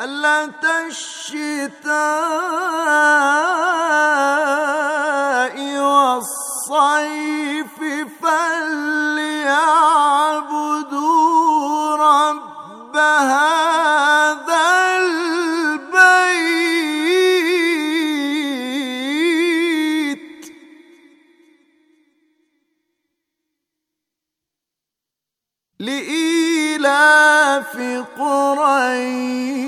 رحلة الشتاء والصيف فليعبدوا رب هذا البيت لإيلاف قريش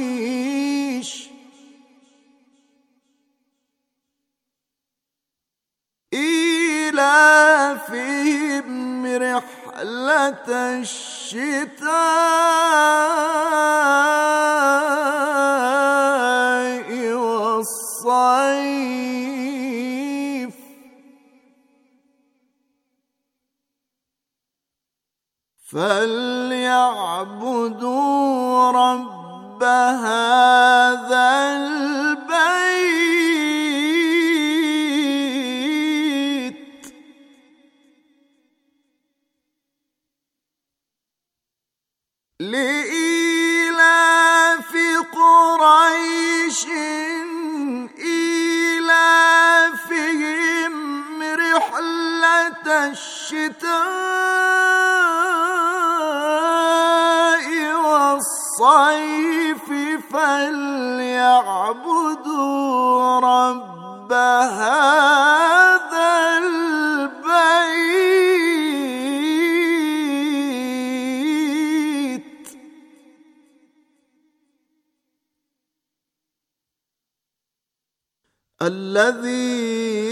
فيهم رحلة الشتاء والصيف فليعبدوا رب هذا الشتاء والصيف فليعبدوا رب هذا البيت الذي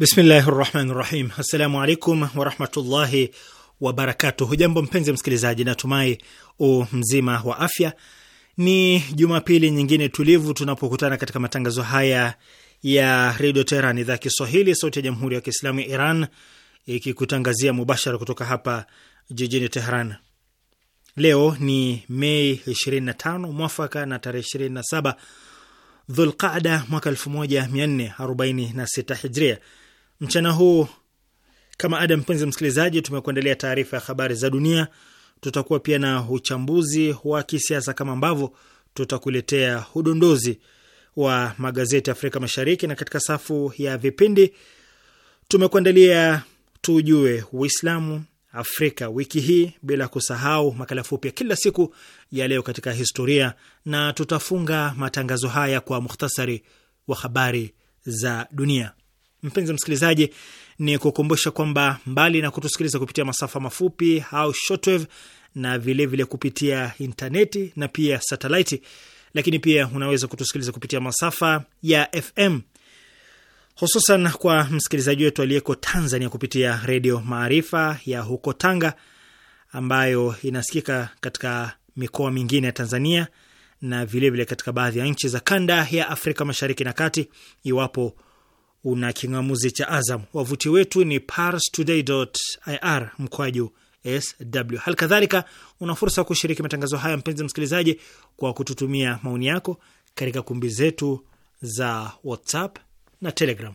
Bismillahi rahmani rahim. Assalamu alaikum warahmatullahi wabarakatuh. Hujambo mpenzi msikilizaji, natumai u mzima wa afya. Ni Jumapili nyingine tulivu tunapokutana katika matangazo haya ya redio Teheran, idhaa Kiswahili, sauti ya jamhuri ya kiislamu ya Iran, ikikutangazia mubashara kutoka hapa jijini Teheran. Leo ni Mei 25 mwafaka na tarehe 27 Dhulqada mwaka 1446 Hijria mchana huu kama ada, mpenzi msikilizaji, tumekuandalia taarifa ya habari za dunia. Tutakuwa pia na uchambuzi wa kisiasa kama ambavyo tutakuletea udondozi wa magazeti Afrika Mashariki, na katika safu ya vipindi tumekuandalia tujue Uislamu Afrika wiki hii, bila kusahau makala fupi ya kila siku ya leo katika historia, na tutafunga matangazo haya kwa muhtasari wa habari za dunia. Mpenzi msikilizaji, ni kukumbusha kwamba mbali na kutusikiliza kupitia masafa mafupi au shortwave na vilevile vile kupitia intaneti na pia satelaiti, lakini pia unaweza kutusikiliza kupitia masafa ya FM hususan kwa msikilizaji wetu aliyeko Tanzania kupitia Redio Maarifa ya huko Tanga, ambayo inasikika katika mikoa mingine ya Tanzania na vilevile vile katika baadhi ya nchi za kanda ya Afrika Mashariki na Kati, iwapo una king'amuzi cha Azam. Wavuti wetu ni parstoday.ir mkwaju sw. Hali kadhalika una fursa ya kushiriki matangazo haya, mpenzi msikilizaji, kwa kututumia maoni yako katika kumbi zetu za WhatsApp na Telegram.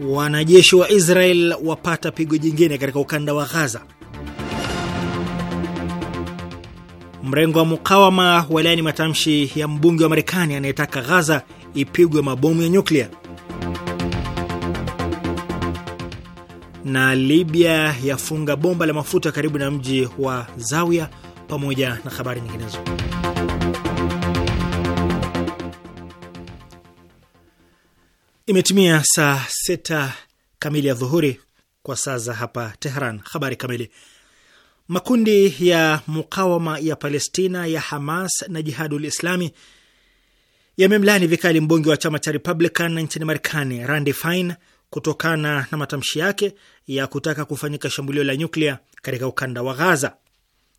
Wanajeshi wa Israel wapata pigo jingine katika ukanda wa Ghaza. Mrengo wa mukawama walaani matamshi ya mbunge wa Marekani anayetaka Ghaza ipigwe mabomu ya nyuklia. Na Libya yafunga bomba la mafuta karibu na mji wa zawia pamoja na habari nyinginezo. Imetimia saa sita kamili ya dhuhuri kwa saa za hapa Tehran. Habari kamili. Makundi ya mukawama ya Palestina ya Hamas na Jihadul Islami yamemlani vikali mbunge wa chama cha Republican nchini Marekani Randy Fine kutokana na matamshi yake ya kutaka kufanyika shambulio la nyuklia katika ukanda wa Gaza.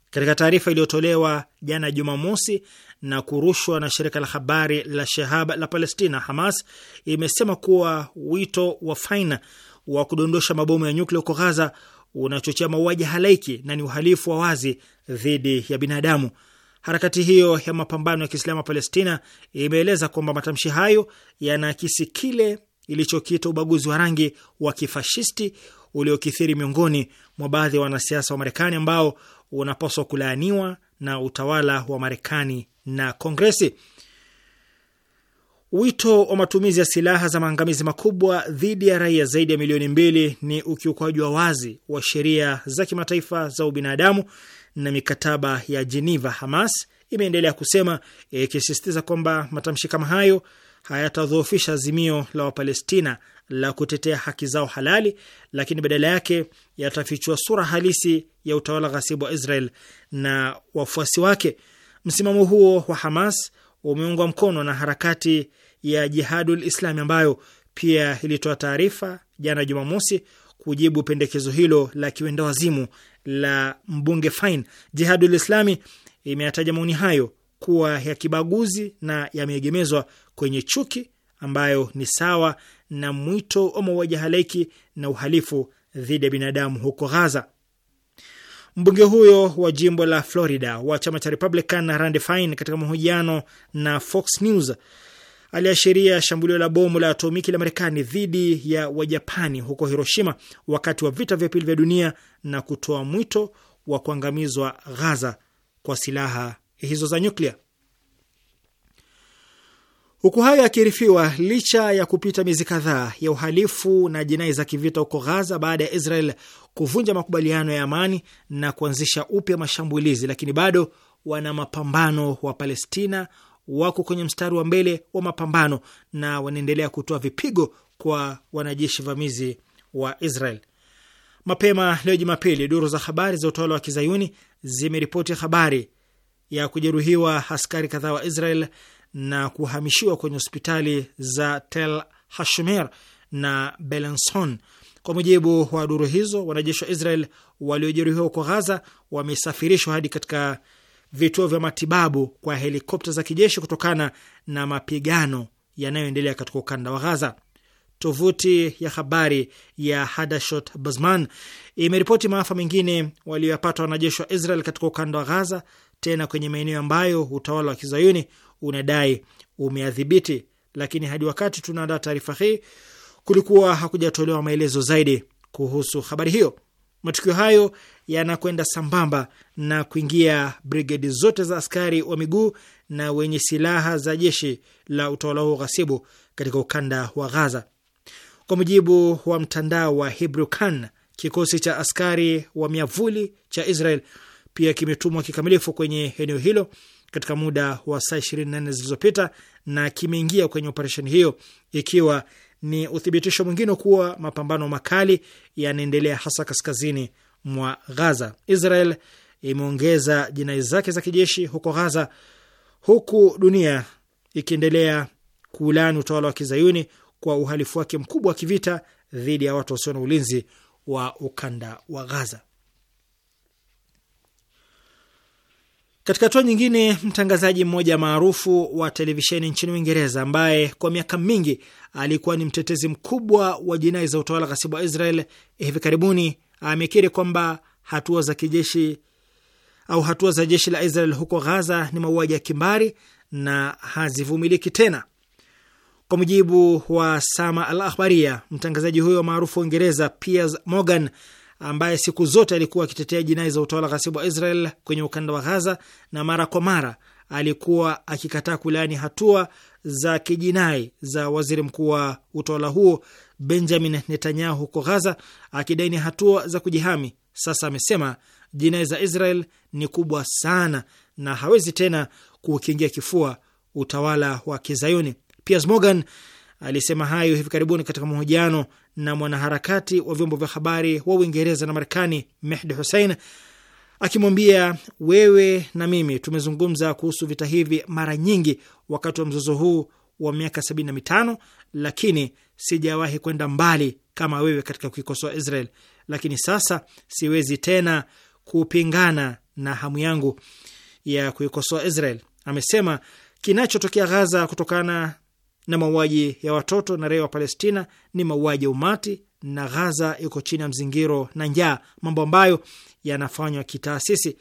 Katika taarifa iliyotolewa jana Jumamosi, na kurushwa na shirika la habari la Shehab la Palestina, Hamas imesema kuwa wito wa Faina wa kudondosha mabomu ya nyuklia huko Ghaza unachochea mauaji halaiki na ni uhalifu wa wazi dhidi ya binadamu. Harakati hiyo ya mapambano ya Kiislamu ya Palestina imeeleza kwamba matamshi hayo yanaakisi kile ilichokiita ubaguzi wa rangi wa kifashisti uliokithiri miongoni mwa baadhi ya wanasiasa wa Marekani ambao unapaswa kulaaniwa na utawala wa Marekani na Kongresi. Wito wa matumizi ya silaha za maangamizi makubwa dhidi ya raia zaidi ya milioni mbili ni ukiukwaji wa wazi wa sheria za kimataifa za ubinadamu na mikataba ya Geneva. Hamas imeendelea kusema ikisisitiza, e, kwamba matamshi kama hayo hayatadhoofisha azimio la Wapalestina la kutetea haki zao halali, lakini badala yake yatafichua sura halisi ya utawala ghasibu wa Israel na wafuasi wake. Msimamo huo wa Hamas umeungwa mkono na harakati ya Jihadul Islami ambayo pia ilitoa taarifa jana Jumamosi kujibu pendekezo hilo la kiwendawazimu la mbunge Fain. Jihadul Islami imeyataja maoni hayo kuwa ya kibaguzi na yameegemezwa kwenye chuki ambayo ni sawa na mwito wa mauaji halaiki na uhalifu dhidi ya binadamu huko Gaza. Mbunge huyo wa jimbo la Florida wa chama cha Republican Rand Fine, katika mahojiano na Fox News, aliashiria shambulio la bomu la atomiki la Marekani dhidi ya Wajapani huko Hiroshima wakati wa vita vya pili vya dunia na kutoa mwito wa kuangamizwa Gaza kwa silaha hizo za nyuklia. Huku hayo yakiarifiwa, licha ya kupita miezi kadhaa ya uhalifu na jinai za kivita huko Ghaza baada ya Israel kuvunja makubaliano ya amani na kuanzisha upya mashambulizi, lakini bado wana mapambano wa Palestina wako kwenye mstari wa mbele wa mapambano na wanaendelea kutoa vipigo kwa wanajeshi vamizi wa Israel. Mapema leo Jumapili, duru za habari za utawala wa kizayuni zimeripoti habari ya kujeruhiwa askari kadhaa wa Israel na kuhamishiwa kwenye hospitali za Tel Hashmir na Belenson. Kwa mujibu wa duru hizo, wanajeshi wa Israel waliojeruhiwa huko Ghaza wamesafirishwa hadi katika vituo vya matibabu kwa helikopta za kijeshi kutokana na mapigano yanayoendelea katika ukanda wa Ghaza. Tovuti ya habari ya Hadashot Bazman imeripoti maafa mengine walioyapata wanajeshi wa Israel katika ukanda wa Ghaza tena kwenye maeneo ambayo utawala wa kizayuni unadai umeadhibiti. Lakini hadi wakati tunaandaa taarifa hii, kulikuwa hakujatolewa maelezo zaidi kuhusu habari hiyo. Matukio hayo yanakwenda sambamba na kuingia brigedi zote za askari wa miguu na wenye silaha za jeshi la utawala huo ghasibu katika ukanda wa Ghaza. Kwa mujibu wa mtandao wa Hebrew kikosi cha askari wa miavuli cha Israel pia kimetumwa kikamilifu kwenye eneo hilo katika muda wa saa 24 zilizopita na kimeingia kwenye operesheni hiyo ikiwa ni uthibitisho mwingine kuwa mapambano makali yanaendelea hasa kaskazini mwa Gaza. Israel imeongeza jinai zake za kijeshi huko Gaza, huku dunia ikiendelea kuulani utawala wa kizayuni kwa uhalifu wake mkubwa wa kivita dhidi ya watu wasio na ulinzi wa ukanda wa Gaza. Katika hatua nyingine, mtangazaji mmoja maarufu wa televisheni nchini Uingereza ambaye kwa miaka mingi alikuwa ni mtetezi mkubwa wa jinai za utawala ghasibu wa Israel hivi karibuni amekiri kwamba hatua za kijeshi au hatua za jeshi la Israel huko Ghaza ni mauaji ya kimbari na hazivumiliki tena. Kwa mujibu wa Sama Al Akhbaria, mtangazaji huyo maarufu wa Uingereza Piers Morgan ambaye siku zote alikuwa akitetea jinai za utawala ghasibu wa Israel kwenye ukanda wa Ghaza na mara kwa mara alikuwa akikataa kulaani hatua za kijinai za waziri mkuu wa utawala huo Benjamin Netanyahu huko Ghaza, akidai ni hatua za kujihami. Sasa amesema jinai za Israel ni kubwa sana na hawezi tena kuukingia kifua utawala wa Kizayuni. Piers Morgan alisema hayo hivi karibuni katika mahojiano na mwanaharakati wa vyombo vya habari wa Uingereza na Marekani Mehdi Hussein akimwambia, wewe na mimi tumezungumza kuhusu vita hivi mara nyingi wakati wa mzozo huu wa miaka sabini na mitano, lakini sijawahi kwenda mbali kama wewe katika kuikosoa Israel, lakini sasa siwezi tena kupingana na hamu yangu ya kuikosoa Israel. Amesema kinachotokea Gaza kutokana na mauaji ya watoto na raia wa Palestina ni mauaji ya umati na Ghaza iko chini ya mzingiro na njaa, mambo ambayo yanafanywa kitaasisi.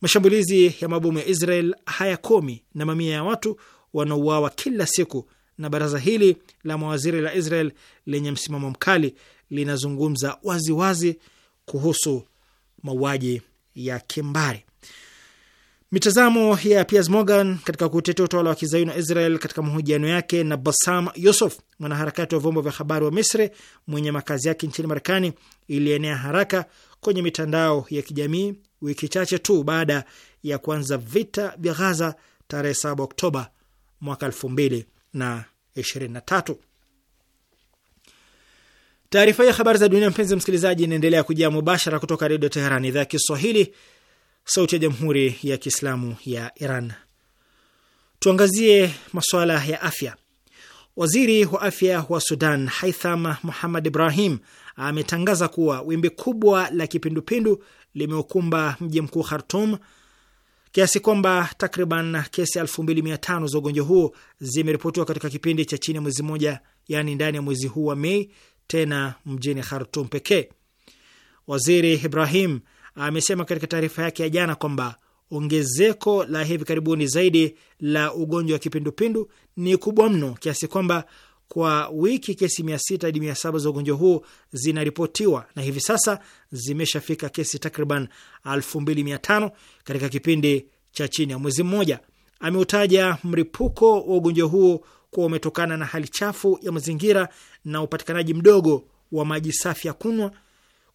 Mashambulizi ya mabomu ya Israel hayakomi na mamia ya watu wanauawa kila siku, na baraza hili la mawaziri la Israel lenye msimamo mkali linazungumza waziwazi wazi kuhusu mauaji ya kimbari. Mitazamo ya Piers Morgan katika kutetea utawala wa kizayuni wa Israel katika mahojiano yake na Bassam yusuf mwanaharakati wa vyombo vya habari wa Misri mwenye makazi yake nchini Marekani, ilienea haraka kwenye mitandao ya kijamii wiki chache tu baada ya kuanza vita vya Ghaza tarehe 7 Oktoba mwaka 2023. Taarifa ya habari za dunia, mpenzi msikilizaji, inaendelea kujia mubashara kutoka Redio Teheran, idhaa ya Kiswahili, sauti ya jamhuri ya kiislamu ya Iran. Tuangazie masuala ya afya. Waziri wa afya wa Sudan Haitham Muhammad Ibrahim ametangaza kuwa wimbi kubwa la kipindupindu limeukumba mji mkuu Khartum kiasi kwamba takriban kesi 2500 za ugonjwa huo zimeripotiwa katika kipindi cha chini ya mwezi mmoja, yaani ndani ya mwezi huu wa Mei, tena mjini Khartum pekee. Waziri Ibrahim amesema katika taarifa yake ya jana kwamba ongezeko la hivi karibuni zaidi la ugonjwa wa kipindupindu ni kubwa mno kiasi kwamba kwa wiki kesi mia sita hadi mia saba za ugonjwa huu zinaripotiwa na hivi sasa zimeshafika kesi takriban elfu mbili mia tano katika kipindi cha chini ya mwezi mmoja. Ameutaja mripuko wa ugonjwa huo kuwa umetokana na hali chafu ya mazingira na upatikanaji mdogo wa maji safi ya kunywa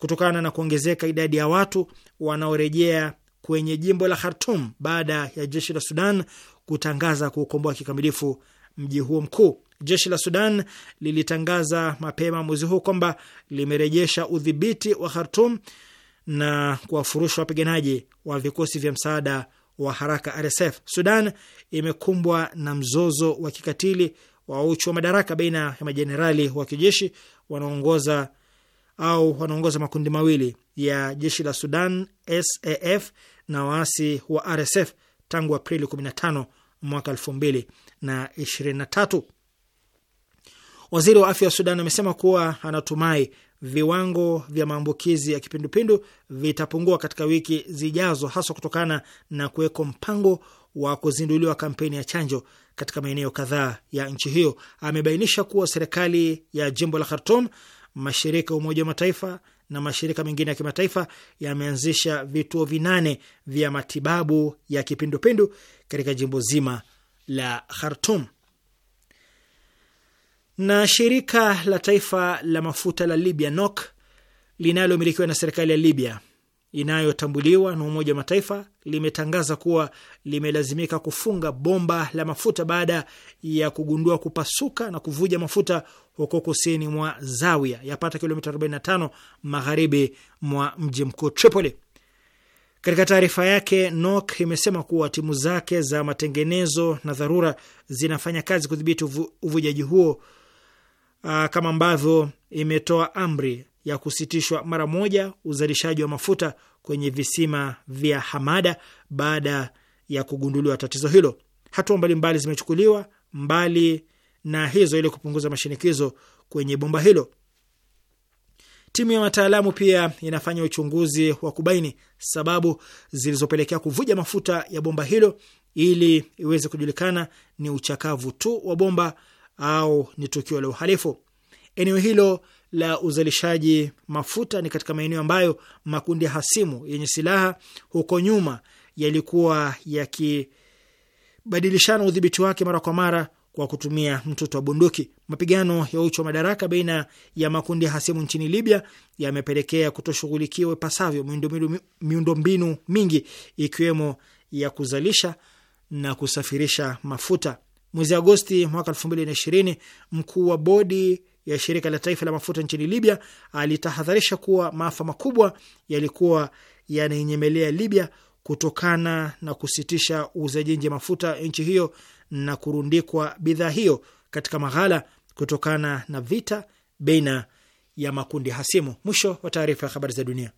kutokana na kuongezeka idadi ya watu wanaorejea kwenye jimbo la Khartum baada ya jeshi la Sudan kutangaza kuukomboa kikamilifu mji huo mkuu. Jeshi la Sudan lilitangaza mapema mwezi huu kwamba limerejesha udhibiti wa Khartum na kuwafurusha wapiganaji wa vikosi vya msaada wa haraka RSF. Sudan imekumbwa na mzozo wa kikatili wa uchu wa madaraka baina ya majenerali wa kijeshi wanaoongoza au wanaongoza makundi mawili ya jeshi la Sudan SAF na waasi wa RSF tangu Aprili 15 mwaka 2023. Waziri wa afya wa Sudan amesema kuwa anatumai viwango vya maambukizi ya kipindupindu vitapungua katika wiki zijazo, haswa kutokana na kuweko mpango wa kuzinduliwa kampeni ya chanjo katika maeneo kadhaa ya nchi hiyo. Amebainisha kuwa serikali ya jimbo la Khartoum mashirika ya Umoja wa Mataifa na mashirika mengine ya kimataifa yameanzisha vituo vinane vya matibabu ya kipindupindu katika jimbo zima la Khartum. Na shirika la taifa la mafuta la Libya NOC linalomilikiwa na serikali ya Libya inayotambuliwa na Umoja wa Mataifa limetangaza kuwa limelazimika kufunga bomba la mafuta baada ya kugundua kupasuka na kuvuja mafuta huko kusini mwa Zawia, yapata kilomita 45 magharibi mwa mji mkuu Tripoli. Katika taarifa yake, NOC imesema kuwa timu zake za matengenezo na dharura zinafanya kazi kudhibiti uvujaji huo, uh, kama ambavyo imetoa amri ya kusitishwa mara moja uzalishaji wa mafuta kwenye visima vya Hamada baada ya kugunduliwa tatizo hilo. Hatua mbalimbali zimechukuliwa mbali na hizo ili kupunguza mashinikizo kwenye bomba hilo. Timu ya wataalamu pia inafanya uchunguzi wa kubaini sababu zilizopelekea kuvuja mafuta ya bomba hilo ili iweze kujulikana ni uchakavu tu wa bomba au ni tukio la uhalifu. Eneo hilo la uzalishaji mafuta ni katika maeneo ambayo makundi ya hasimu yenye silaha huko nyuma yalikuwa yakibadilishana udhibiti wake mara kwa mara kwa kutumia mtoto wa bunduki. Mapigano ya uchu wa madaraka baina ya makundi ya hasimu nchini Libya yamepelekea kutoshughulikiwa ipasavyo miundombinu mingi ikiwemo ya kuzalisha na kusafirisha mafuta. Mwezi Agosti mwaka elfu mbili na ishirini, mkuu wa bodi ya shirika la taifa la mafuta nchini Libya alitahadharisha kuwa maafa makubwa yalikuwa yanainyemelea Libya kutokana na kusitisha uuzaji nje mafuta nchi hiyo na kurundikwa bidhaa hiyo katika maghala kutokana na vita baina ya makundi hasimu. Mwisho wa taarifa ya habari za dunia.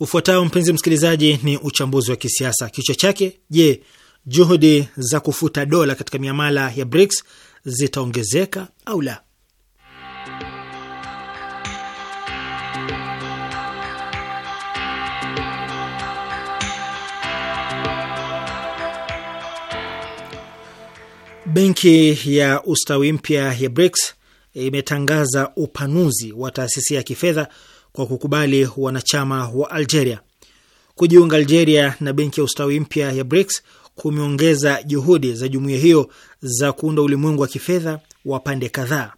Ufuatao mpenzi msikilizaji, ni uchambuzi wa kisiasa. Kichwa chake: Je, juhudi za kufuta dola katika miamala ya BRICS zitaongezeka au la? Benki ya ustawi mpya ya BRICS imetangaza upanuzi wa taasisi ya kifedha kwa kukubali wanachama wa Algeria. Kujiunga Algeria na benki ya ustawi mpya ya BRICS kumeongeza juhudi za jumuiya hiyo za kuunda ulimwengu wa kifedha wa pande kadhaa.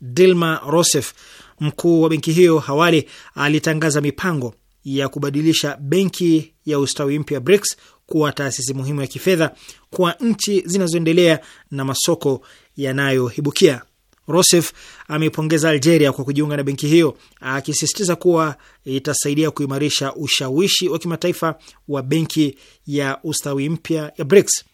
Dilma Rousseff, mkuu wa benki hiyo, awali alitangaza mipango ya kubadilisha benki ya ustawi mpya BRICS kuwa taasisi muhimu ya kifedha kwa nchi zinazoendelea na masoko yanayohibukia Rosef ameipongeza Algeria kwa kujiunga na benki hiyo, akisisitiza kuwa itasaidia kuimarisha ushawishi wa kimataifa wa benki ya ustawi mpya ya BRICS.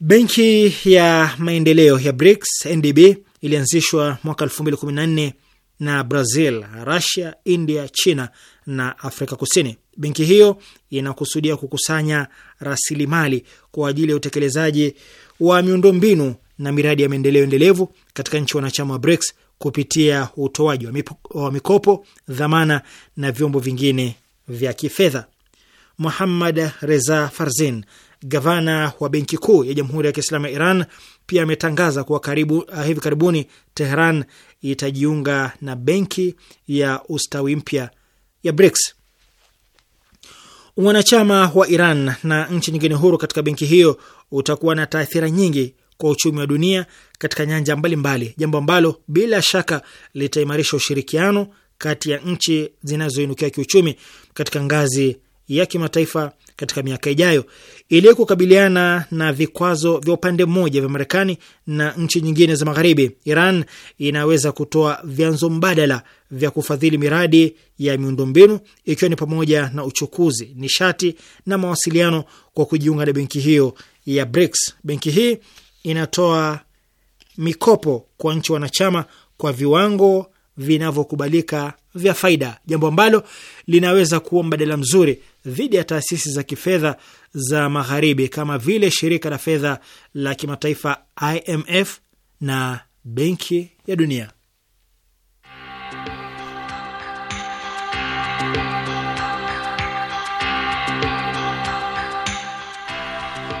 Benki ya maendeleo ya BRICS, NDB, ilianzishwa mwaka 2014 na Brazil, Russia, India, China na Afrika Kusini. Benki hiyo inakusudia kukusanya rasilimali kwa ajili ya utekelezaji wa miundombinu na miradi ya maendeleo endelevu katika nchi wanachama wa BRICS kupitia utoaji wa mikopo, dhamana na vyombo vingine vya kifedha. Muhammad Reza Farzin, gavana wa Benki Kuu ya Jamhuri ya Kiislamu ya Iran, pia ametangaza kuwa karibu, uh, hivi karibuni Tehran itajiunga na benki ya ustawi mpya ya BRICS. Wanachama wa Iran na nchi nyingine huru katika benki hiyo utakuwa na taathira nyingi kwa uchumi wa dunia katika nyanja mbalimbali, jambo ambalo bila shaka litaimarisha ushirikiano kati ya nchi zinazoinukia kiuchumi katika ngazi ya kimataifa katika miaka ijayo. Ili kukabiliana na vikwazo vya upande mmoja vya Marekani na nchi nyingine za Magharibi, Iran inaweza kutoa vyanzo mbadala vya kufadhili miradi ya miundombinu ikiwa ni pamoja na uchukuzi, nishati na mawasiliano kwa kujiunga na benki hiyo ya BRICS. Benki hii inatoa mikopo kwa nchi wanachama kwa viwango vinavyokubalika vya faida, jambo ambalo linaweza kuwa mbadala mzuri dhidi ya taasisi za kifedha za magharibi kama vile shirika la fedha la kimataifa IMF na Benki ya Dunia.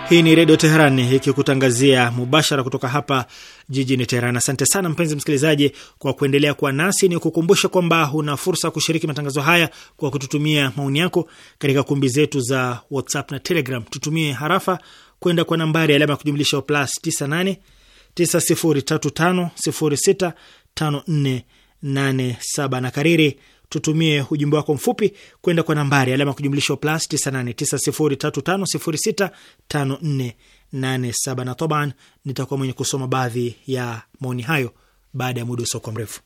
Hii ni Redio Teheran ikikutangazia mubashara kutoka hapa jijini Teheran. Asante sana mpenzi msikilizaji kwa kuendelea kuwa nasi. Ni kukumbusha kwamba una fursa kushiriki matangazo haya kwa kututumia maoni yako katika kumbi zetu za WhatsApp na Telegram. Tutumie harafa kwenda kwa nambari alama ya kujumlisha plus 98 9035065487 na kariri tutumie ujumbe wako mfupi kwenda kwa nambari alama ya kujumlisha plus 989035065487 na taban nitakuwa mwenye kusoma baadhi ya maoni hayo baada ya muda usiokuwa mrefu.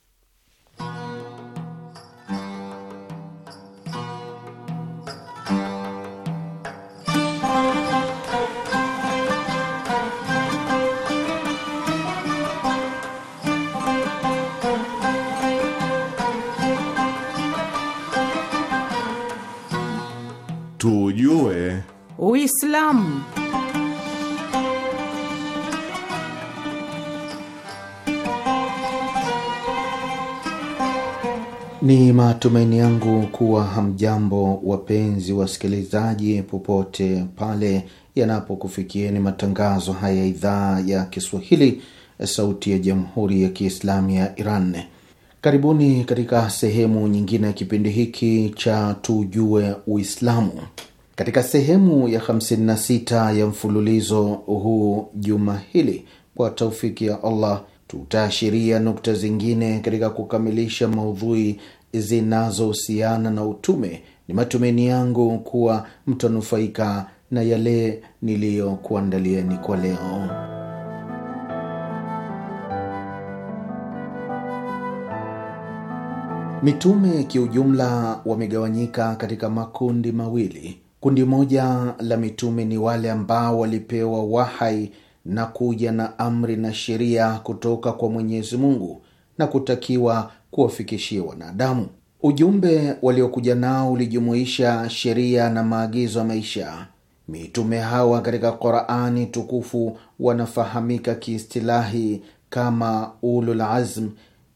Ni matumaini yangu kuwa hamjambo wapenzi wasikilizaji, popote pale yanapokufikieni matangazo haya idhaa ya Kiswahili, sauti ya jamhuri ya kiislamu ya Iran. Karibuni katika sehemu nyingine ya kipindi hiki cha tujue Uislamu. Katika sehemu ya 56 ya mfululizo huu juma hili, kwa taufiki ya Allah, tutaashiria nukta zingine katika kukamilisha maudhui zinazohusiana na utume, ni matumaini yangu kuwa mtanufaika na yale niliyokuandalieni kwa leo. Mitume kiujumla wamegawanyika katika makundi mawili. Kundi moja la mitume ni wale ambao walipewa wahai na kuja na amri na sheria kutoka kwa Mwenyezi Mungu na kutakiwa kuwafikishia wanadamu. Ujumbe waliokuja nao ulijumuisha sheria na maagizo ya maisha. Mitume hawa katika Qorani tukufu wanafahamika kiistilahi kama ulul azm,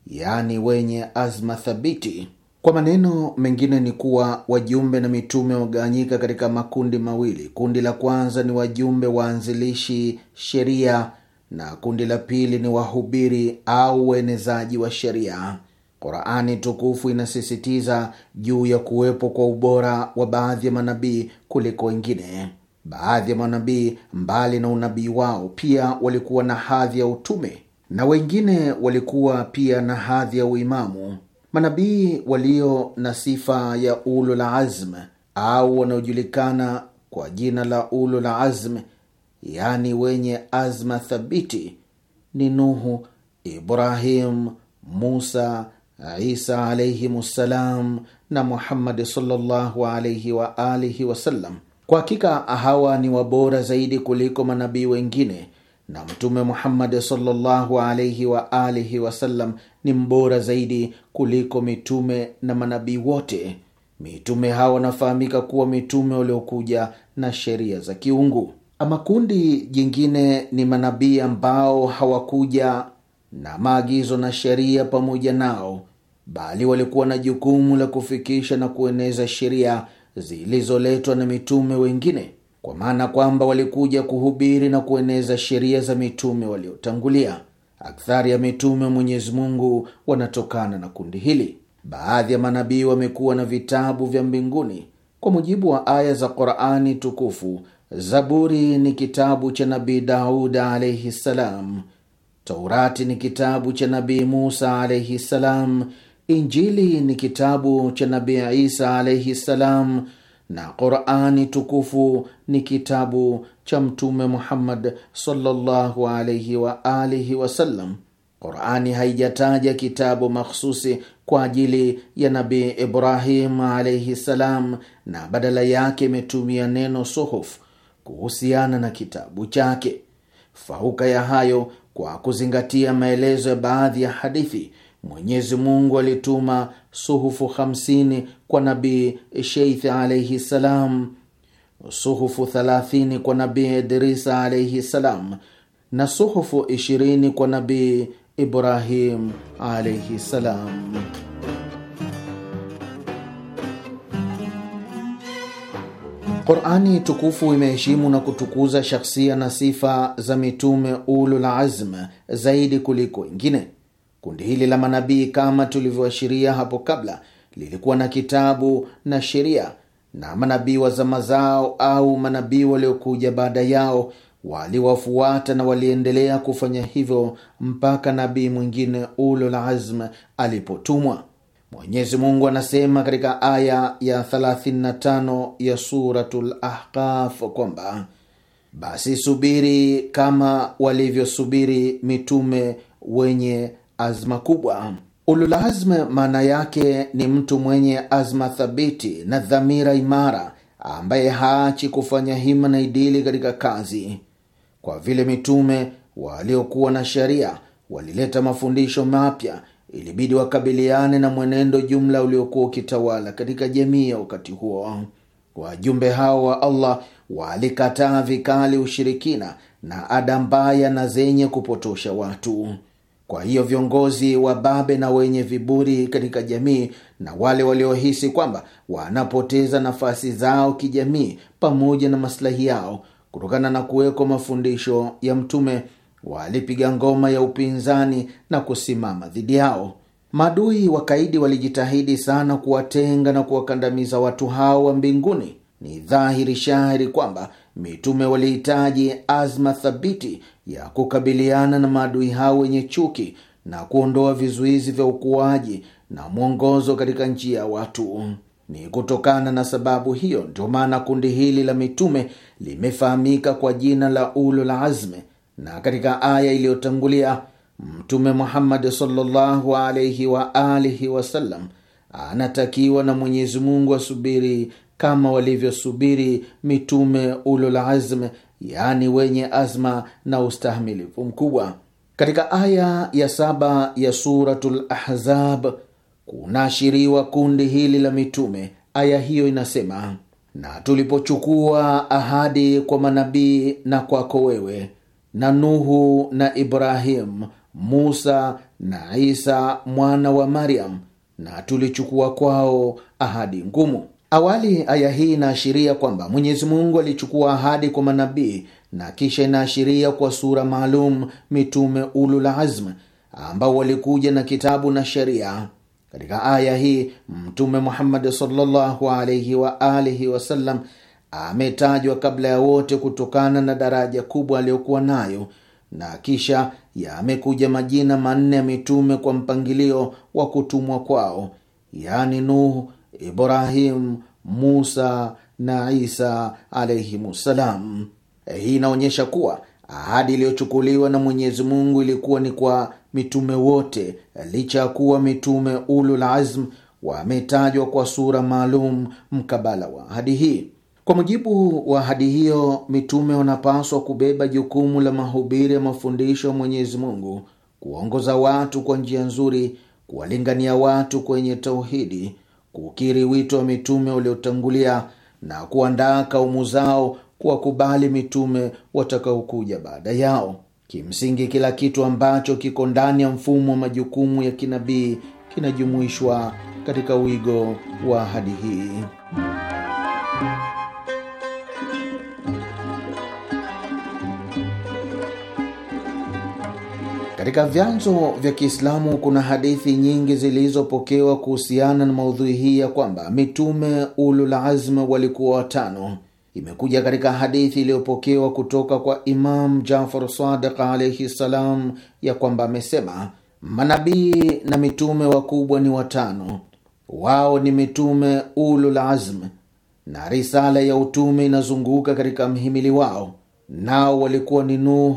yaani wenye azma thabiti. Kwa maneno mengine ni kuwa wajumbe na mitume wamegawanyika katika makundi mawili. Kundi la kwanza ni wajumbe waanzilishi sheria na kundi la pili ni wahubiri au uenezaji wa sheria. Qurani tukufu inasisitiza juu ya kuwepo kwa ubora wa baadhi ya manabii kuliko wengine. Baadhi ya manabii, mbali na unabii wao, pia walikuwa na hadhi ya utume na wengine walikuwa pia na hadhi ya uimamu. Manabii walio na sifa ya ulul azm au wanaojulikana kwa jina la ulul azm, yaani wenye azma thabiti, ni Nuhu, Ibrahim, Musa, Isa alaihim ssalam na Muhammadi sallallahu alaihi wa alihi wasallam. Kwa hakika hawa ni wabora zaidi kuliko manabii wengine, na Mtume Muhammadi sallallahu alaihi wa alihi wasallam ni mbora zaidi kuliko mitume na manabii wote. Mitume hawa wanafahamika kuwa mitume waliokuja na sheria za kiungu. Ama kundi jingine ni manabii ambao hawakuja na maagizo na sheria pamoja nao, bali walikuwa na jukumu la kufikisha na kueneza sheria zilizoletwa na mitume wengine, kwa maana kwamba walikuja kuhubiri na kueneza sheria za mitume waliotangulia. Akthari ya mitume wa Mwenyezi Mungu wanatokana na kundi hili. Baadhi ya manabii wamekuwa na vitabu vya mbinguni kwa mujibu wa aya za Qurani Tukufu. Zaburi ni kitabu cha Nabii Daudi alaihi ssalam Taurati ni kitabu cha Nabii Musa alaihi ssalam, Injili ni kitabu cha Nabii Isa alaihi ssalam, na Qurani tukufu ni kitabu cha Mtume Muhammad sallallahu alaihi wa alihi wasallam. Qurani haijataja kitabu makhususi kwa ajili ya Nabii Ibrahim alaihi ssalam, na badala yake imetumia neno suhuf kuhusiana na kitabu chake. Fauka ya hayo kwa kuzingatia maelezo ya baadhi ya hadithi, Mwenyezi Mungu alituma suhufu 50 kwa Nabii Sheithi alaihi salam, suhufu 30 kwa Nabii Idrisa alaihi ssalam na suhufu 20 kwa Nabii Ibrahim alaihi ssalam Qurani tukufu imeheshimu na kutukuza shakhsia na sifa za mitume ulul azm zaidi kuliko wengine. Kundi hili la manabii kama tulivyoashiria hapo kabla lilikuwa na kitabu na sheria, na manabii wa zama zao au manabii waliokuja baada yao waliwafuata na waliendelea kufanya hivyo mpaka nabii mwingine ulul azm alipotumwa. Mwenyezi Mungu anasema katika aya ya 35 ya Suratul Ahqaf kwamba basi subiri kama walivyosubiri mitume wenye azma kubwa. Ululazma maana yake ni mtu mwenye azma thabiti na dhamira imara, ambaye haachi kufanya hima na idili katika kazi, kwa vile mitume waliokuwa na sheria walileta mafundisho mapya ilibidi wakabiliane na mwenendo jumla uliokuwa ukitawala katika jamii ya wakati huo. Wajumbe hao wa Allah walikataa vikali ushirikina na ada mbaya na zenye kupotosha watu. Kwa hiyo viongozi wa babe na wenye viburi katika jamii na wale waliohisi kwamba wanapoteza nafasi zao kijamii pamoja na maslahi yao kutokana na kuwekwa mafundisho ya Mtume walipiga ngoma ya upinzani na kusimama dhidi yao. Maadui wakaidi walijitahidi sana kuwatenga na kuwakandamiza watu hao wa mbinguni. Ni dhahiri shahiri kwamba mitume walihitaji azma thabiti ya kukabiliana na maadui hao wenye chuki na kuondoa vizuizi vya ukuaji na mwongozo katika njia ya watu. Ni kutokana na sababu hiyo ndio maana kundi hili la mitume limefahamika kwa jina la Ulul Azme, na katika aya iliyotangulia Mtume Muhammadi sallallahu alaihi wa alihi wasallam anatakiwa na Mwenyezi Mungu asubiri kama walivyosubiri mitume ulul azm, wenye azma na ustahmilifu mkubwa. Katika aya ya saba ya Suratul Ahzab kunaashiriwa kundi hili la mitume. Aya hiyo inasema, na tulipochukua ahadi kwa manabii na kwako wewe na Nuhu na Ibrahim, Musa na Isa mwana wa Maryam, na tulichukua kwao ahadi ngumu. Awali aya hii inaashiria kwamba Mwenyezi Mungu alichukua ahadi kwa manabii na kisha inaashiria kwa sura maalum mitume ulul azm ambao walikuja na kitabu na sheria. Katika aya hii Mtume Muhammad sallallahu alaihi wa alihi wasallam ametajwa kabla ya wote kutokana na daraja kubwa aliyokuwa nayo, na kisha yamekuja majina manne ya mitume kwa mpangilio wa kutumwa kwao, yaani Nuh, Ibrahim, Musa na Isa ssalam. Eh, hii inaonyesha kuwa ahadi iliyochukuliwa na Mwenyezi Mungu ilikuwa ni kwa mitume wote, licha ya kuwa mitume ulul azm wametajwa kwa sura maalum mkabala wa ahadi hii. Kwa mujibu wa hadi hiyo, mitume wanapaswa kubeba jukumu la mahubiri ya mafundisho ya Mwenyezi Mungu, kuwaongoza watu kwa njia nzuri, kuwalingania watu kwenye tauhidi, kukiri wito wa mitume waliotangulia na kuandaa kaumu zao kuwakubali mitume watakaokuja baada yao. Kimsingi, kila kitu ambacho kiko ndani ya mfumo wa majukumu ya kinabii kinajumuishwa katika wigo wa hadi hii. Katika vyanzo vya Kiislamu kuna hadithi nyingi zilizopokewa kuhusiana na maudhui hii ya kwamba mitume ulul azm walikuwa watano. Imekuja katika hadithi iliyopokewa kutoka kwa Imam Jafar Sadiq alaihi ssalam ya kwamba amesema, manabii na mitume wakubwa ni watano, wao ni mitume ulul azm, na risala ya utume inazunguka katika mhimili wao, nao walikuwa ni Nuh,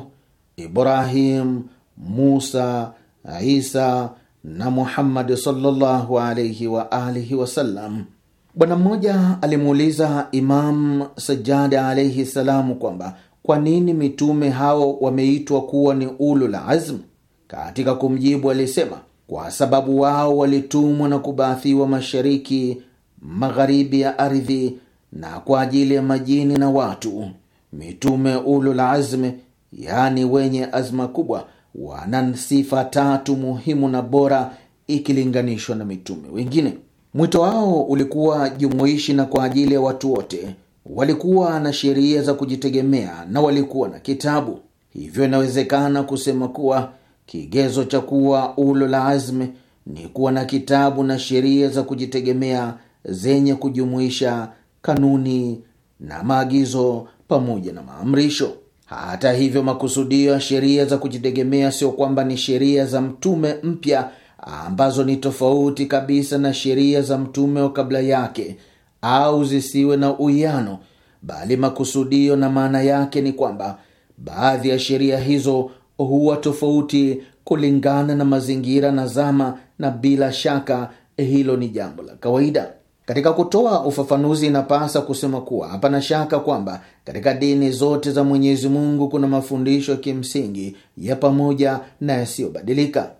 Ibrahim, Musa, Isa na Muhammadi sallallahu alaihi wa alihi wasallam. Bwana mmoja alimuuliza Imam Sajada alaihi salamu kwamba kwa nini mitume hao wameitwa kuwa ni ulul azm? Katika kumjibu alisema kwa sababu wao walitumwa na kubaathiwa mashariki, magharibi ya ardhi na kwa ajili ya majini na watu. Mitume ulul azm, yaani wenye azma kubwa wana sifa tatu muhimu na bora ikilinganishwa na mitume wengine. Mwito wao ulikuwa jumuishi na kwa ajili ya watu wote, walikuwa na sheria za kujitegemea na walikuwa na kitabu. Hivyo inawezekana kusema kuwa kigezo cha kuwa ulo la azme ni kuwa na kitabu na sheria za kujitegemea zenye kujumuisha kanuni na maagizo pamoja na maamrisho. Hata hivyo, makusudio ya sheria za kujitegemea sio kwamba ni sheria za mtume mpya ambazo ni tofauti kabisa na sheria za mtume wa kabla yake au zisiwe na uwiano, bali makusudio na maana yake ni kwamba baadhi ya sheria hizo huwa tofauti kulingana na mazingira na zama, na bila shaka hilo ni jambo la kawaida. Katika kutoa ufafanuzi, inapasa kusema kuwa hapana shaka kwamba katika dini zote za Mwenyezi Mungu kuna mafundisho ya kimsingi ya pamoja na yasiyobadilika.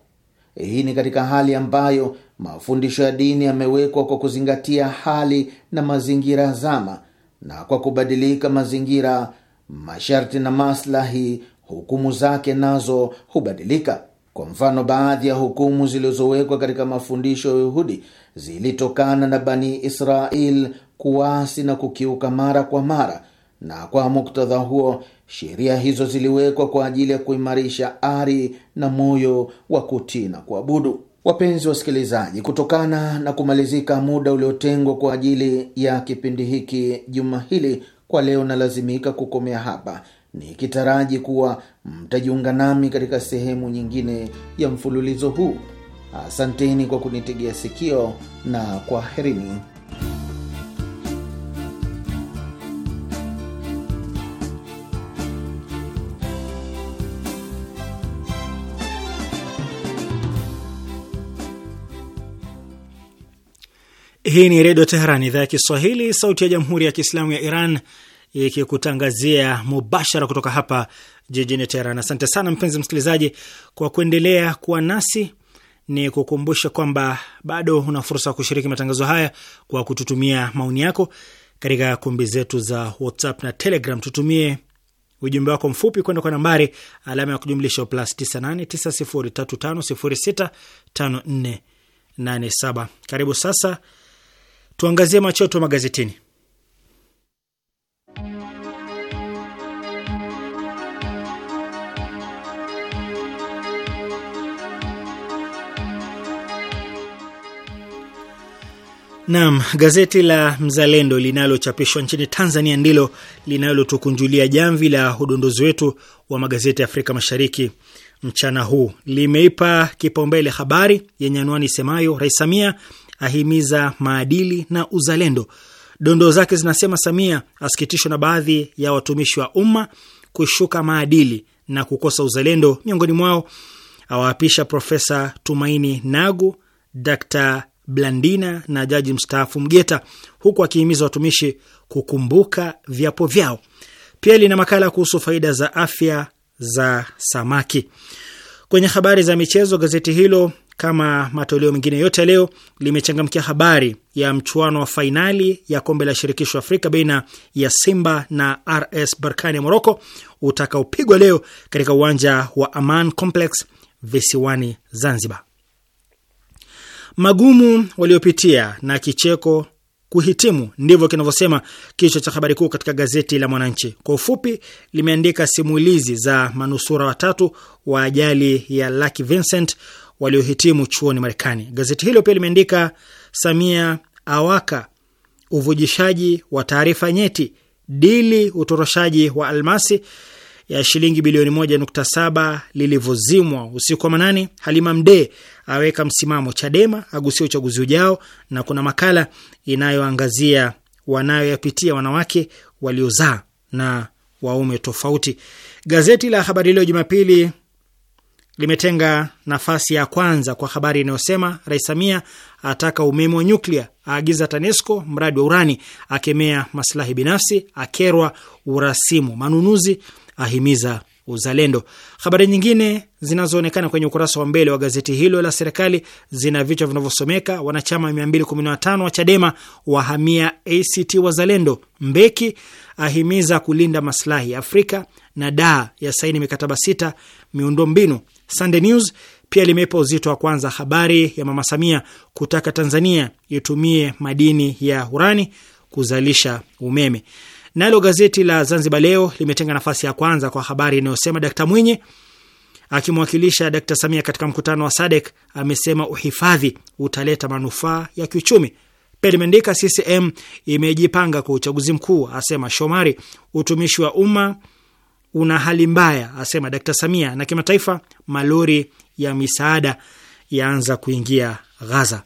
Hii ni katika hali ambayo mafundisho ya dini yamewekwa kwa kuzingatia hali na mazingira zama, na kwa kubadilika mazingira, masharti na maslahi, hukumu zake nazo hubadilika. Kwa mfano, baadhi ya hukumu zilizowekwa katika mafundisho ya Uyahudi zilitokana na Bani Israel kuasi na kukiuka mara kwa mara, na kwa muktadha huo sheria hizo ziliwekwa kwa ajili ya kuimarisha ari na moyo wa kutii na kuabudu. Wapenzi wasikilizaji, kutokana na kumalizika muda uliotengwa kwa ajili ya kipindi hiki juma hili, kwa leo nalazimika kukomea hapa nikitaraji kuwa mtajiunga nami katika sehemu nyingine ya mfululizo huu. Asanteni kwa kunitegea sikio na kwaherini. Hii ni Redio Teheran, idhaa ya Kiswahili, sauti ya Jamhuri ya Kiislamu ya Iran ikikutangazia mubashara kutoka hapa jijini Teheran. Asante sana mpenzi msikilizaji kwa kuendelea kuwa nasi. Ni kukumbusha kwamba bado una fursa ya kushiriki matangazo haya kwa kututumia maoni yako katika kumbi zetu za WhatsApp na Telegram. Tutumie ujumbe wako mfupi kwenda kwa nambari alama ya kujumlisha plus 989035065487. Karibu sasa tuangazie macho yetu magazetini. Naam, gazeti la Mzalendo linalochapishwa nchini Tanzania ndilo linalotukunjulia jamvi la udondozi wetu wa magazeti ya Afrika Mashariki mchana huu. Limeipa kipaumbele habari yenye anwani isemayo Rais Samia ahimiza maadili na uzalendo. Dondoo zake zinasema Samia asikitishwa na baadhi ya watumishi wa umma kushuka maadili na kukosa uzalendo, miongoni mwao awaapisha Profesa Tumaini Nagu, Dr Blandina na jaji mstaafu Mgeta, huku akihimiza watumishi kukumbuka viapo vyao. Pia lina makala kuhusu faida za afya za samaki. Kwenye habari za michezo, gazeti hilo kama matoleo mengine yote leo limechangamkia habari ya mchuano wa fainali ya kombe la shirikisho Afrika baina ya Simba na RS Berkane ya Moroko utakaopigwa leo katika uwanja wa Aman Complex visiwani Zanzibar magumu waliopitia na kicheko kuhitimu, ndivyo kinavyosema kichwa cha habari kuu katika gazeti la Mwananchi. Kwa ufupi, limeandika simulizi za manusura watatu wa ajali ya Lucky Vincent waliohitimu chuoni Marekani. Gazeti hilo pia limeandika Samia awaka uvujishaji wa taarifa nyeti, dili utoroshaji wa almasi ya shilingi bilioni 1.7 lilivyozimwa usiku wa manane. Halima Mdee aweka msimamo Chadema, agusia uchaguzi ujao, na kuna makala inayoangazia wanayoyapitia wanawake waliozaa na waume tofauti. Gazeti la Habari Leo Jumapili limetenga nafasi ya kwanza kwa habari inayosema Rais Samia ataka umeme wa nyuklia, aagiza TANESCO mradi wa urani, akemea maslahi binafsi, akerwa urasimu, manunuzi ahimiza uzalendo. Habari nyingine zinazoonekana kwenye ukurasa wa mbele wa gazeti hilo la serikali zina vichwa vinavyosomeka: wanachama 215 wa Chadema wahamia ACT Wazalendo, Mbeki ahimiza kulinda maslahi ya Afrika na daa ya saini mikataba sita miundo mbinu. Sunday News pia limepa uzito wa kwanza habari ya Mama Samia kutaka Tanzania itumie madini ya urani kuzalisha umeme. Nalo gazeti la Zanzibar Leo limetenga nafasi ya kwanza kwa habari inayosema Dkt Mwinyi akimwakilisha Dkt Samia katika mkutano wa SADC amesema uhifadhi utaleta manufaa ya kiuchumi. Pia limeandika CCM imejipanga kwa uchaguzi mkuu, asema Shomari. Utumishi wa umma una hali mbaya, asema Dkt Samia. Na kimataifa, malori ya misaada yaanza kuingia Gaza.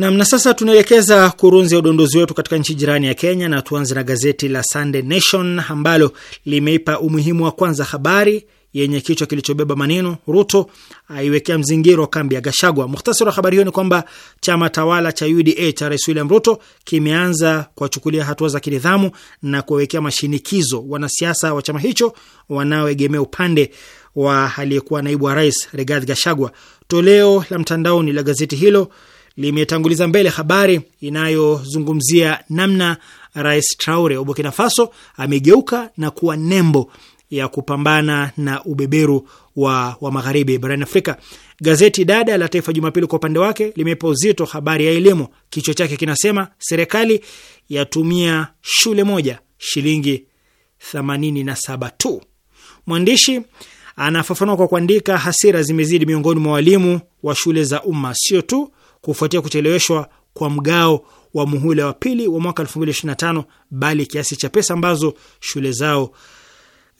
Nam, na sasa tunaelekeza kurunzi ya udondozi wetu katika nchi jirani ya Kenya, na tuanze na gazeti la Sunday Nation ambalo limeipa umuhimu wa kwanza habari yenye kichwa kilichobeba maneno Ruto aiwekea mzingiro kambi ya Gashagwa. Muhtasari wa habari hiyo ni kwamba chama tawala cha UDA cha Rais William Ruto kimeanza kuwachukulia hatua za kinidhamu na kuwawekea mashinikizo wanasiasa wa chama hicho wanaoegemea upande wa aliyekuwa naibu wa rais Rigathi Gashagwa. Toleo la mtandaoni la gazeti hilo limetanguliza mbele habari inayozungumzia namna Rais Traore wa Burkina Faso amegeuka na kuwa nembo ya kupambana na ubeberu wa, wa magharibi barani Afrika. Gazeti dada la Taifa Jumapili kwa upande wake limepa uzito habari ya elimu. Kichwa chake kinasema serikali yatumia shule moja shilingi 87 tu. Mwandishi anafafanua kwa kuandika, hasira zimezidi miongoni mwa walimu wa shule za umma, sio tu kufuatia kucheleweshwa kwa mgao wa muhula wa pili wa mwaka 2025 bali kiasi cha pesa ambazo shule zao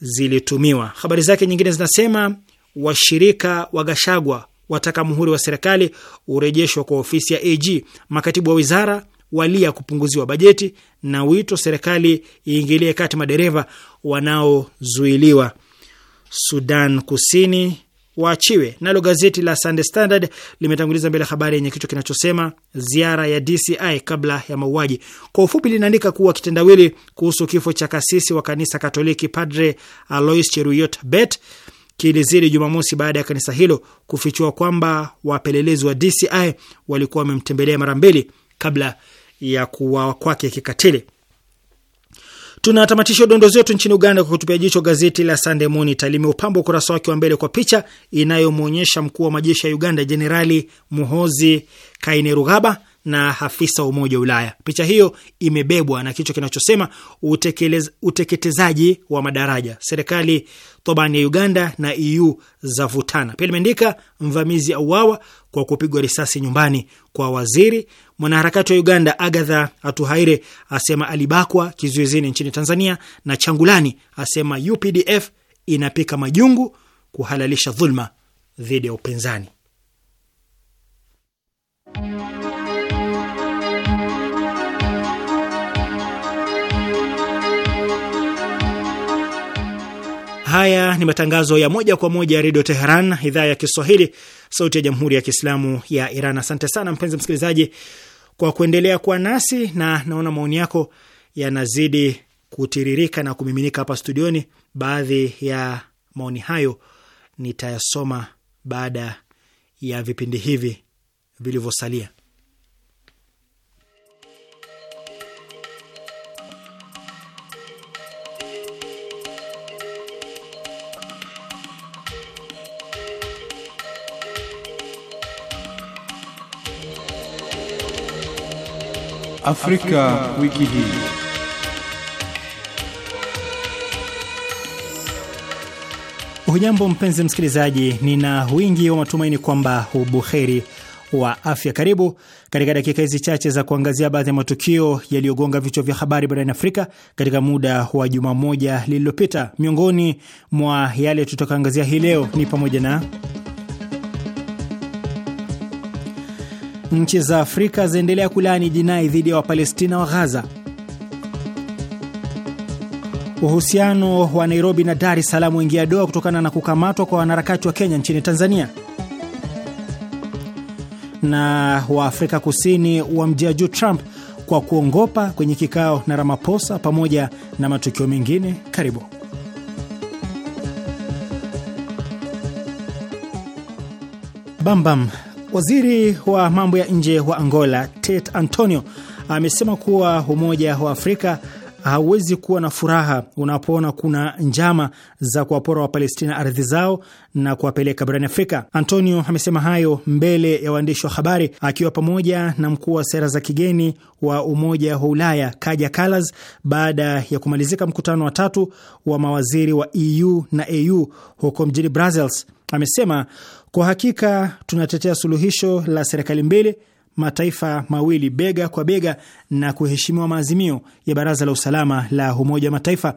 zilitumiwa. Habari zake nyingine zinasema washirika wa Gashagwa wataka muhuri wa serikali urejeshwa kwa ofisi ya AG, makatibu wa wizara walia kupunguziwa bajeti, na wito serikali iingilie kati madereva wanaozuiliwa Sudan Kusini waachiwe. Nalo gazeti la Sunday Standard limetanguliza mbele habari yenye kichwa kinachosema ziara ya DCI kabla ya mauaji. Kwa ufupi, linaandika kuwa kitendawili kuhusu kifo cha kasisi wa kanisa Katoliki Padre Alois Cheruyot Bet kilizidi Jumamosi baada ya kanisa hilo kufichua kwamba wapelelezi wa DCI walikuwa wamemtembelea mara mbili kabla ya kuwa kwake kikatili. Tunatamatisha udondozi wetu nchini Uganda kwa kutupia jicho gazeti la Sunday Monitor. Limeupamba ukurasa wake wa mbele kwa picha inayomwonyesha mkuu wa majeshi ya Uganda Jenerali Muhozi Kainerugaba na afisa wa Umoja wa Ulaya. Picha hiyo imebebwa na kichwa kinachosema uteketezaji wa madaraja, serikali tobani ya Uganda na EU zavutana. Pia limeandika mvamizi auawa kwa kupigwa risasi nyumbani kwa waziri. Mwanaharakati wa Uganda Agatha Atuhaire asema alibakwa kizuizini nchini Tanzania, na Changulani asema UPDF inapika majungu kuhalalisha dhulma dhidi ya upinzani. Haya ni matangazo ya moja kwa moja ya Redio Teheran, idhaa ya Kiswahili, sauti ya Jamhuri ya Kiislamu ya Iran. Asante sana mpenzi msikilizaji kwa kuendelea kuwa nasi, na naona maoni yako yanazidi kutiririka na kumiminika hapa studioni. Baadhi ya maoni hayo nitayasoma baada ya vipindi hivi vilivyosalia. Afrika, wiki hii. Hujambo mpenzi msikilizaji, nina wingi wa matumaini kwamba ubuheri wa afya. Karibu katika dakika hizi chache za kuangazia baadhi ya matukio yaliyogonga vichwa vya habari barani Afrika katika muda wa juma moja lililopita. Miongoni mwa yale tutakaangazia hii leo ni pamoja na Nchi za Afrika zaendelea kulaani jinai dhidi ya Wapalestina wa Ghaza. Uhusiano wa Nairobi na Dar es Salaam waingia doa kutokana na kukamatwa kwa wanaharakati wa Kenya nchini Tanzania, na Waafrika Kusini wamjia juu Trump kwa kuongopa kwenye kikao na Ramaphosa, pamoja na matukio mengine. Karibu. Bambam Waziri wa mambo ya nje wa Angola Tet Antonio amesema kuwa Umoja wa Afrika hauwezi kuwa na furaha unapoona kuna njama za kuwapora Wapalestina ardhi zao na kuwapeleka barani Afrika. Antonio amesema hayo mbele ya waandishi wa habari akiwa pamoja na mkuu wa sera za kigeni wa Umoja wa Ulaya Kaja kalas baada ya kumalizika mkutano wa tatu wa mawaziri wa EU na AU huko mjini Brussels. Amesema kwa hakika tunatetea suluhisho la serikali mbili, mataifa mawili, bega kwa bega, na kuheshimiwa maazimio ya Baraza la Usalama la Umoja wa Mataifa.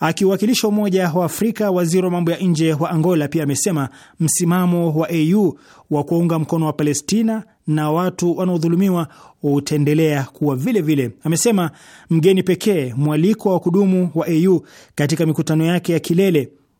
Akiwakilisha Umoja wa Afrika, waziri wa mambo ya nje wa Angola pia amesema msimamo wa AU wa kuwaunga mkono wa Palestina na watu wanaodhulumiwa utaendelea kuwa vile vile. Amesema mgeni pekee mwaliko wa kudumu wa AU katika mikutano yake ya kilele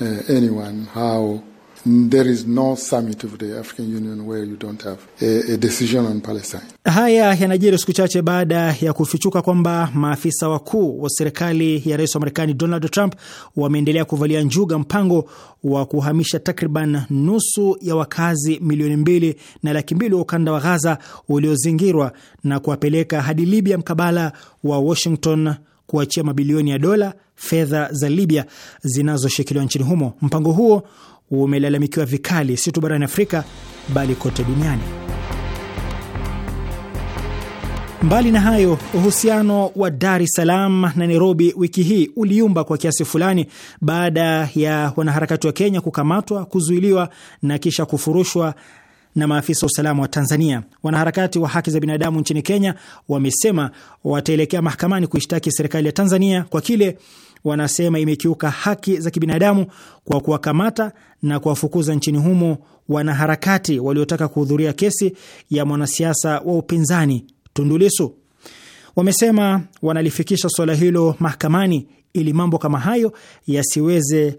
uh, anyone how There is no summit of the African Union where you don't have a, a decision on Palestine. Haya yanajiri siku chache baada ya kufichuka kwamba maafisa wakuu wa serikali ya Rais wa Marekani Donald Trump wameendelea kuvalia njuga mpango wa kuhamisha takriban nusu ya wakazi milioni mbili na laki mbili wa ukanda wa Gaza uliozingirwa na kuwapeleka hadi Libya mkabala wa Washington kuachia mabilioni ya dola fedha za Libya zinazoshikiliwa nchini humo. Mpango huo umelalamikiwa vikali, si tu barani Afrika bali kote duniani. Mbali na hayo, uhusiano wa Dar es Salaam na Nairobi wiki hii uliumba kwa kiasi fulani baada ya wanaharakati wa Kenya kukamatwa, kuzuiliwa na kisha kufurushwa na maafisa wa usalama wa Tanzania. Wanaharakati wa haki za binadamu nchini Kenya wamesema wataelekea mahakamani kuishtaki serikali ya Tanzania kwa kile wanasema imekiuka haki za kibinadamu kwa kuwakamata na kuwafukuza nchini humo wanaharakati waliotaka kuhudhuria kesi ya mwanasiasa wa upinzani Tundu Lissu. Wamesema wanalifikisha suala hilo mahakamani ili mambo kama hayo yasiweze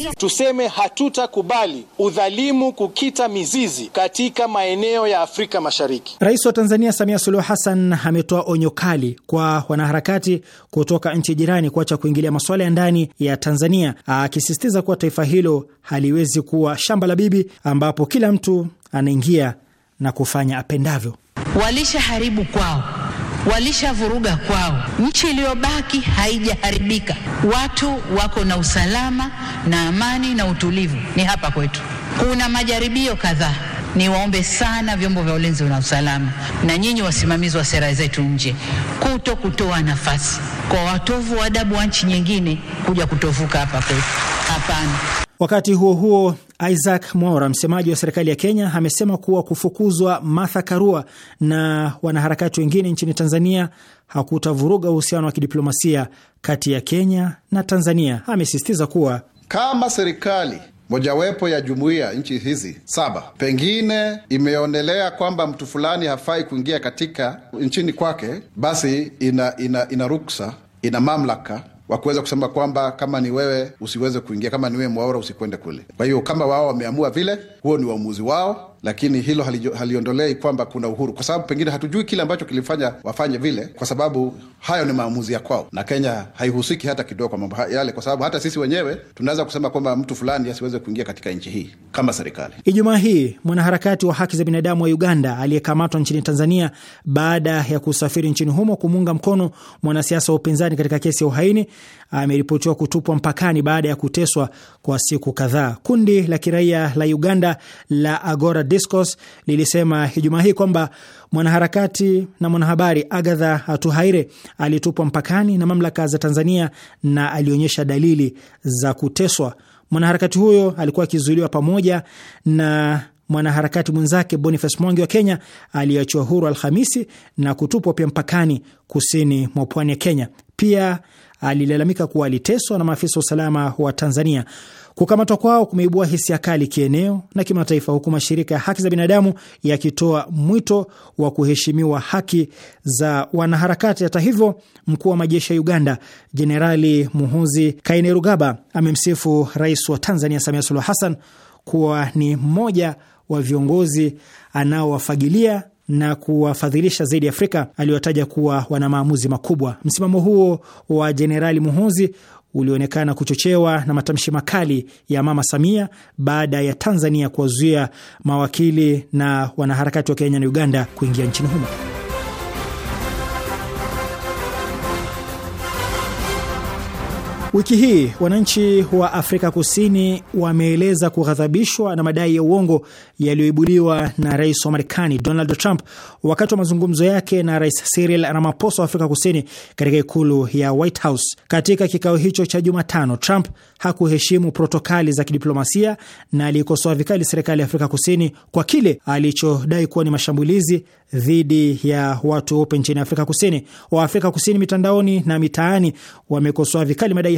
Tuseme hatutakubali udhalimu kukita mizizi katika maeneo ya Afrika Mashariki. Rais wa Tanzania Samia Suluhu Hassan ametoa onyo kali kwa wanaharakati kutoka nchi jirani kuacha kuingilia masuala ya ndani ya Tanzania, akisisitiza kuwa taifa hilo haliwezi kuwa shamba la bibi ambapo kila mtu anaingia na kufanya apendavyo. Walishaharibu kwao, walishavuruga kwao. Nchi iliyobaki haijaharibika, watu wako na usalama, na amani na utulivu ni hapa kwetu. Kuna majaribio kadhaa. Niwaombe sana vyombo vya ulinzi na usalama na nyinyi wasimamizi wa sera zetu nje, kuto kutoa nafasi kwa watovu wa adabu wa nchi nyingine kuja kutovuka hapa kwetu. Hapana. Wakati huo huo, Isaac Mwaura, msemaji wa serikali ya Kenya, amesema kuwa kufukuzwa Martha Karua na wanaharakati wengine nchini Tanzania hakutavuruga uhusiano wa kidiplomasia kati ya Kenya na Tanzania. Amesisitiza kuwa kama serikali mojawapo ya jumuiya nchi hizi saba pengine imeonelea kwamba mtu fulani hafai kuingia katika nchini kwake, basi ina, ina, ina ruksa, ina mamlaka wa kuweza kusema kwamba kama ni wewe usiweze kuingia, kama ni wewe mwaora usikwende kule. Kwa hiyo kama wao wameamua vile, huo ni uamuzi wao lakini hilo haliondolei kwamba kuna uhuru, kwa sababu pengine hatujui kile ambacho kilifanya wafanye vile, kwa sababu hayo ni maamuzi ya kwao, na Kenya haihusiki hata kidogo kwa mambo yale, kwa sababu hata sisi wenyewe tunaweza kusema kwamba mtu fulani asiweze kuingia katika nchi hii kama serikali. Ijumaa hii mwanaharakati wa haki za binadamu wa Uganda aliyekamatwa nchini Tanzania baada ya kusafiri nchini humo kumuunga mkono mwanasiasa wa upinzani katika kesi ya uhaini ameripotiwa kutupwa mpakani baada ya kuteswa kwa siku kadhaa. Kundi la kiraia la Uganda la Agora Discos lilisema Ijumaa hii kwamba mwanaharakati na mwanahabari Agatha Atuhaire alitupwa mpakani na mamlaka za Tanzania na alionyesha dalili za kuteswa. Mwanaharakati huyo alikuwa akizuiliwa pamoja na mwanaharakati mwenzake Boniface Mwangi wa Kenya aliyeachiwa huru Alhamisi na kutupwa pia mpakani kusini mwa pwani ya Kenya. Pia alilalamika kuwa aliteswa na maafisa wa usalama wa Tanzania. Kukamatwa kwao kumeibua hisia kali kieneo na kimataifa, huku mashirika ya haki za binadamu yakitoa mwito wa kuheshimiwa haki za wanaharakati. Hata hivyo, mkuu wa majeshi ya Uganda Jenerali muhuzi Kainerugaba amemsifu rais wa Tanzania Samia Suluhu Hassan kuwa ni mmoja wa viongozi anaowafagilia na kuwafadhilisha zaidi Afrika aliyotaja kuwa wana maamuzi makubwa. Msimamo huo wa Jenerali Muhoozi ulionekana kuchochewa na matamshi makali ya Mama Samia baada ya Tanzania kuwazuia mawakili na wanaharakati wa Kenya na Uganda kuingia nchini humo. Wiki hii wananchi wa Afrika Kusini wameeleza kughadhabishwa na madai ya uongo yaliyoibuliwa na rais wa Marekani Donald Trump wakati wa mazungumzo yake na Rais Cyril Ramaphosa wa Afrika Kusini katika ikulu ya White House. Katika kikao hicho cha Jumatano, Trump hakuheshimu protokali za kidiplomasia na aliikosoa vikali serikali ya Afrika Kusini kwa kile alichodai kuwa ni mashambulizi dhidi ya watu weupe nchini Afrika Kusini. Waafrika Kusini mitandaoni na mitaani wamekosoa vikali madai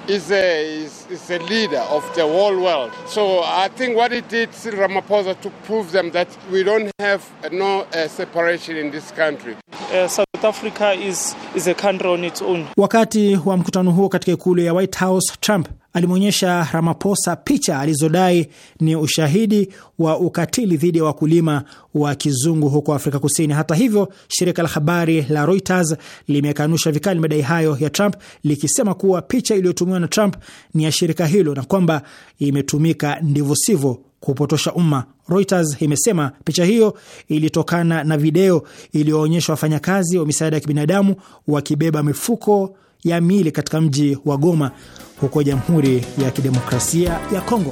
is a, is, is a leader of the whole world. So I think what he did Ramaphosa to prove them that we don't have no uh, separation in this country. Uh, South Africa is, is a country on its own. Wakati wa mkutano huo katika ikulu ya White House, Trump alimwonyesha Ramaphosa picha alizodai ni ushahidi wa ukatili dhidi ya wakulima wa kizungu huko Afrika Kusini. Hata hivyo, shirika la habari la Reuters limekanusha vikali madai hayo ya Trump likisema kuwa picha iliyotumiwa na Trump ni ya shirika hilo na kwamba imetumika ndivyo sivyo kupotosha umma. Reuters imesema picha hiyo ilitokana na video iliyoonyesha wafanyakazi wa misaada ya kibinadamu wakibeba mifuko ya mili katika mji wa Goma huko Jamhuri ya Kidemokrasia ya Kongo.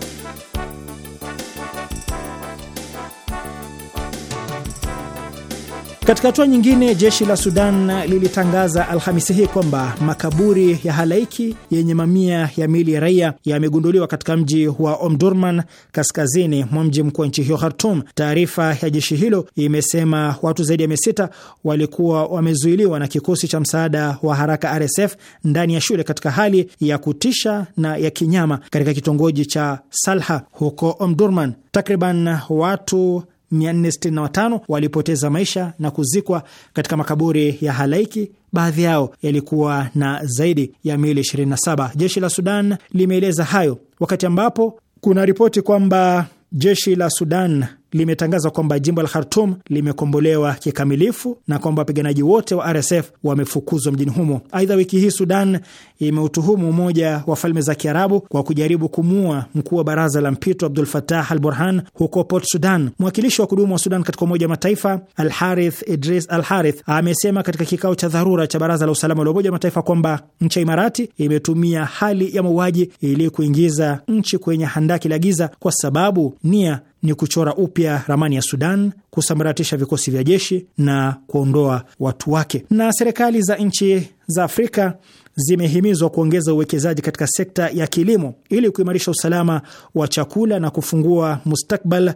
Katika hatua nyingine, jeshi la Sudan lilitangaza Alhamisi hii kwamba makaburi ya halaiki yenye mamia ya miili ya raia yamegunduliwa katika mji wa Omdurman, kaskazini mwa mji mkuu wa nchi hiyo Khartum. Taarifa ya jeshi hilo imesema watu zaidi ya mia sita walikuwa wamezuiliwa na kikosi cha msaada wa haraka RSF ndani ya shule katika hali ya kutisha na ya kinyama katika kitongoji cha Salha huko Omdurman. Takriban watu 465 walipoteza maisha na kuzikwa katika makaburi ya halaiki. Baadhi yao yalikuwa na zaidi ya mili 27. Jeshi la Sudan limeeleza hayo wakati ambapo kuna ripoti kwamba jeshi la Sudan limetangaza kwamba jimbo la Khartum limekombolewa kikamilifu na kwamba wapiganaji wote wa RSF wamefukuzwa mjini humo. Aidha, wiki hii Sudan imeutuhumu Umoja wa Falme za Kiarabu kwa kujaribu kumua mkuu wa baraza la mpito Abdul Fatah al Burhan huko Port Sudan. Mwakilishi wa kudumu wa Sudan katika Umoja wa Mataifa alharith Idris al Harith amesema katika kikao cha dharura cha Baraza la Usalama la Umoja wa Mataifa kwamba nchi ya Imarati imetumia hali ya mauaji ili kuingiza nchi kwenye handaki la giza kwa sababu nia ni kuchora upya ramani ya Sudan, kusambaratisha vikosi vya jeshi na kuondoa watu wake. Na serikali za nchi za Afrika zimehimizwa kuongeza uwekezaji katika sekta ya kilimo ili kuimarisha usalama wa chakula na kufungua mustakbal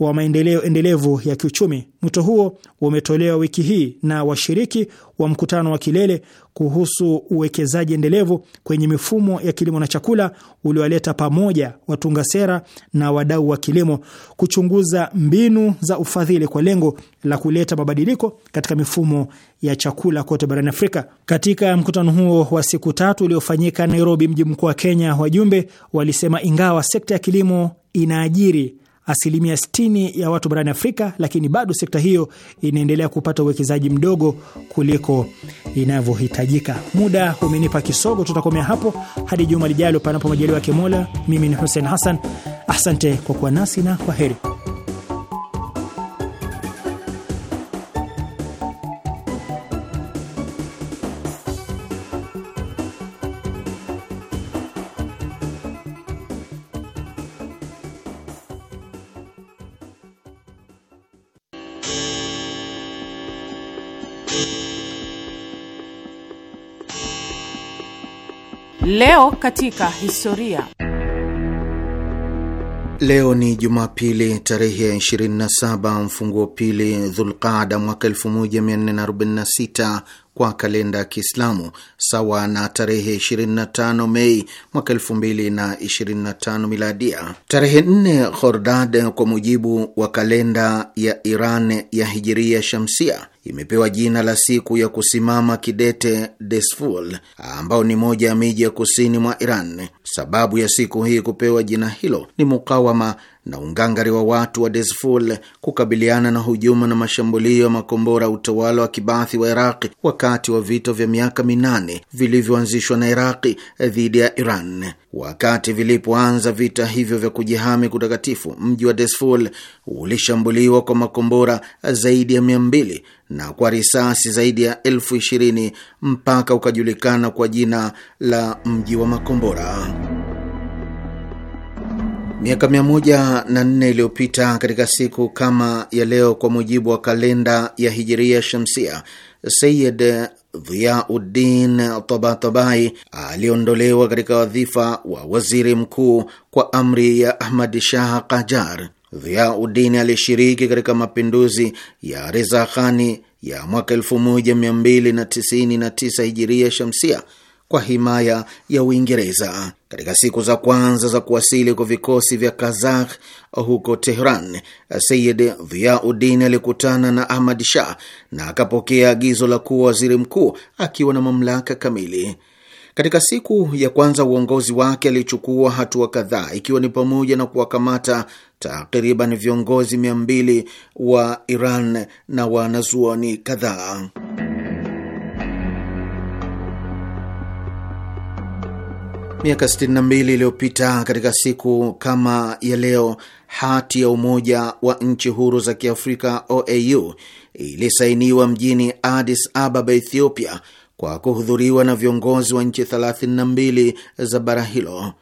wa maendeleo endelevu ya kiuchumi. Mwito huo umetolewa wiki hii na washiriki wa mkutano wa kilele kuhusu uwekezaji endelevu kwenye mifumo ya kilimo na chakula uliowaleta pamoja watunga sera na wadau wa kilimo kuchunguza mbinu za ufadhili kwa lengo la kuleta mabadiliko katika mifumo ya chakula kote barani Afrika. Katika mkutano huo wa siku tatu uliofanyika Nairobi, mji mkuu wa Kenya, wajumbe walisema ingawa sekta ya kilimo inaajiri asilimia 60 ya watu barani Afrika, lakini bado sekta hiyo inaendelea kupata uwekezaji mdogo kuliko inavyohitajika. Muda umenipa kisogo, tutakomea hapo hadi juma lijalo, panapo majaliwa ya Mola. Mimi ni Hussein Hassan, asante kwa kuwa nasi na kwa heri. Leo katika historia. Leo ni Jumapili tarehe ya 27 mfunguo pili Dhulqada mwaka 1446 kwa kalenda ya Kiislamu sawa na tarehe 25 Mei mwaka 2025 miladia. Tarehe nne Khordad kwa mujibu wa kalenda ya Iran ya hijiria shamsia imepewa jina la siku ya kusimama kidete Desful, ambao ni moja ya miji ya kusini mwa Iran. Sababu ya siku hii kupewa jina hilo ni mukawama na ungangari wa watu wa Desful kukabiliana na hujuma na mashambulio ya makombora ya utawala wa kibathi wa Iraqi wakati wa vita vya miaka minane vilivyoanzishwa na Iraqi dhidi ya Iran. Wakati vilipoanza vita hivyo vya kujihami kutakatifu, mji wa Desful ulishambuliwa kwa makombora zaidi ya mia mbili na kwa risasi zaidi ya elfu ishirini mpaka ukajulikana kwa jina la mji wa makombora. Miaka mia moja na nne iliyopita katika siku kama ya leo, kwa mujibu wa kalenda ya Hijiria Shamsia, Sayid Dhiauddin Tabatabai aliondolewa katika wadhifa wa waziri mkuu kwa amri ya Ahmad Shah Kajar. Dhiauddin alishiriki katika mapinduzi ya Reza Khani ya mwaka 1299 Hijiria Shamsia kwa himaya ya Uingereza. Katika siku za kwanza za kuwasili kwa vikosi vya Kazakh huko Tehran, Sayid Viauddin alikutana na Ahmad Shah na akapokea agizo la kuwa waziri mkuu akiwa na mamlaka kamili. Katika siku ya kwanza uongozi wake alichukua hatua kadhaa, ikiwa ni pamoja na kuwakamata takriban viongozi mia mbili wa Iran na wanazuoni kadhaa. Miaka 62 iliyopita katika siku kama ya leo, hati ya Umoja wa Nchi Huru za Kiafrika OAU ilisainiwa mjini Addis Ababa, Ethiopia, kwa kuhudhuriwa na viongozi wa nchi 32 za bara hilo.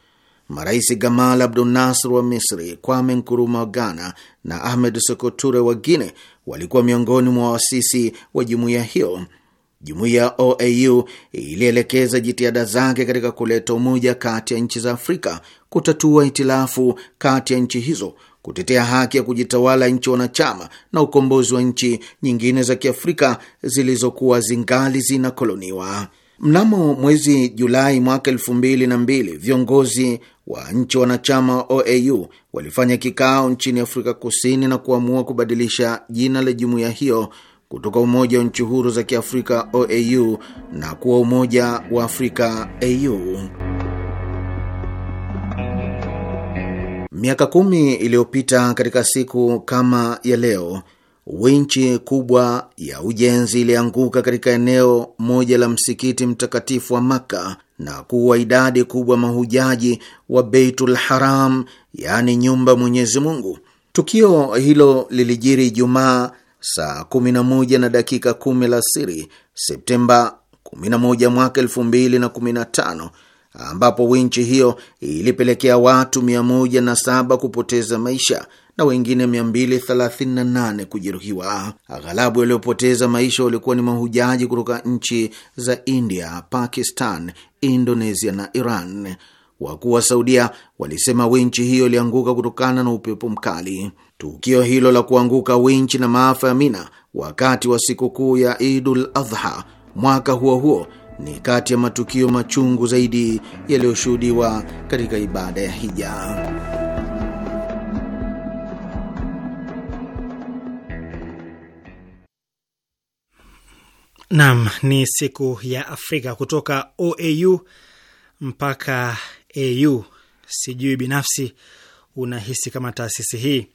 Marais Gamal abdu Nasr wa Misri, Kwame Nkuruma wa Ghana na Ahmed Sekoture wa Guine walikuwa miongoni mwa waasisi wa jumuiya hiyo. Jumuiya ya OAU ilielekeza jitihada zake katika kuleta umoja kati ya nchi za Afrika, kutatua hitilafu kati ya nchi hizo, kutetea haki ya kujitawala nchi wanachama na ukombozi wa nchi nyingine za Kiafrika zilizokuwa zingali zinakoloniwa. Mnamo mwezi Julai mwaka elfu mbili na mbili viongozi wa nchi wanachama wa OAU walifanya kikao nchini Afrika Kusini na kuamua kubadilisha jina la jumuiya hiyo kutoka Umoja wa Nchi Huru za Kiafrika OAU na kuwa Umoja wa Afrika AU. Miaka kumi iliyopita katika siku kama ya leo, winchi kubwa ya ujenzi ilianguka katika eneo moja la msikiti mtakatifu wa Makka na kuwa idadi kubwa mahujaji wa Beitul Haram, yaani nyumba Mwenyezi Mungu. Tukio hilo lilijiri Ijumaa saa 11 na dakika 10 la siri Septemba 11 mwaka 2015 ambapo winchi hiyo ilipelekea watu 107 kupoteza maisha na wengine 238 kujeruhiwa. Aghalabu waliopoteza maisha walikuwa ni mahujaji kutoka nchi za India, Pakistan, Indonesia na Iran. Wakuu wa Saudia walisema winchi hiyo ilianguka kutokana na upepo mkali. Tukio hilo la kuanguka winchi na maafa ya Mina wakati wa sikukuu ya Idul Adha mwaka huo huo ni kati ya matukio machungu zaidi yaliyoshuhudiwa katika ibada ya hija. Naam, ni siku ya Afrika kutoka OAU mpaka AU. Sijui binafsi unahisi kama taasisi hii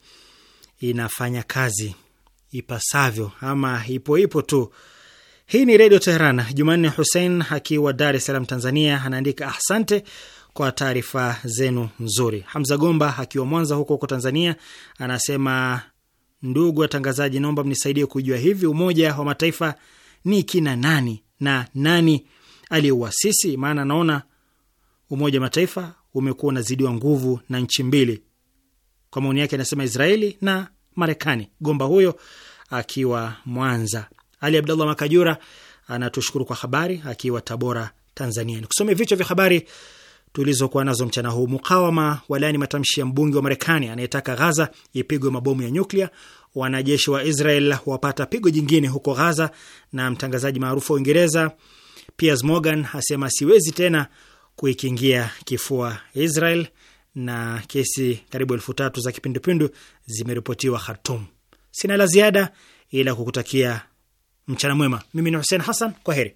inafanya kazi ipasavyo ama ipo ipo tu. Hii ni Redio Teheran. Jumanne Husein akiwa Dar es Salaam, Tanzania, anaandika asante kwa taarifa zenu nzuri. Hamza Gomba akiwa Mwanza huko huko Tanzania anasema, ndugu watangazaji, naomba mnisaidie kujua hivi Umoja wa Mataifa ni kina nani na nani aliyeuasisi? Maana naona Umoja wa Mataifa umekuwa unazidiwa nguvu na nchi mbili. Kwa maoni yake anasema Israeli na Marekani, gomba huyo akiwa Mwanza. Ali Abdallah Makajura anatushukuru kwa habari akiwa Tabora, Tanzania. Ni kusome vichwa vya habari tulizokuwa nazo mchana huu. Mukawama walaani matamshi ya mbunge wa Marekani anayetaka Ghaza ipigwe mabomu ya nyuklia. Wanajeshi wa Israel wapata pigo jingine huko Ghaza, na mtangazaji maarufu wa Uingereza Piers Morgan asema siwezi tena kuikingia kifua Israel na kesi karibu elfu tatu za kipindupindu zimeripotiwa Khartum. Sina la ziada ila kukutakia mchana mwema. Mimi ni Hussein Hassan, kwa heri.